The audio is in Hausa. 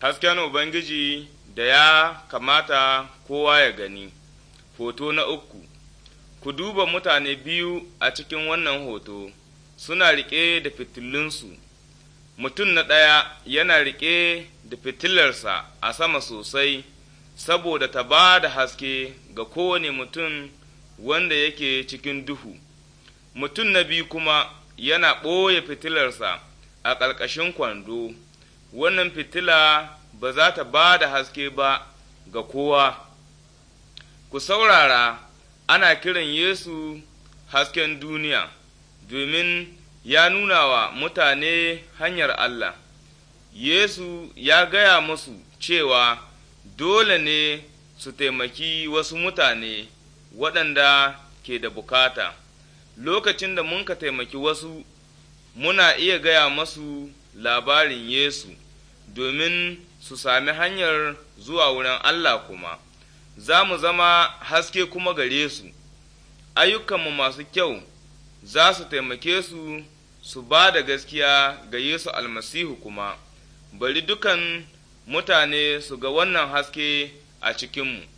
hasken Ubangiji da ya kamata kowa ya gani. Hoto na uku Ku duba mutane biyu a cikin wannan hoto, suna riƙe da fitilunsu. Mutum na ɗaya yana riƙe da fitilarsa a sama sosai, saboda ta ba da haske ga kowane mutum wanda yake cikin duhu. Mutum na biyu kuma yana ɓoye fitilarsa a ƙarƙashin kwando. wannan fitila ba za ta ba da haske ba ga kowa ku saurara ana kiran Yesu hasken duniya domin ya nuna wa mutane hanyar Allah Yesu ya gaya musu cewa dole ne su taimaki wasu mutane waɗanda ke da bukata lokacin da mun ka taimaki wasu muna iya gaya masu labarin Yesu domin su sami hanyar zuwa wurin Allah kuma, za mu zama haske kuma gare su, ayyukanmu masu kyau za su taimake su su ba da gaskiya ga Yesu almasihu kuma, bari dukan mutane su ga wannan haske a cikinmu.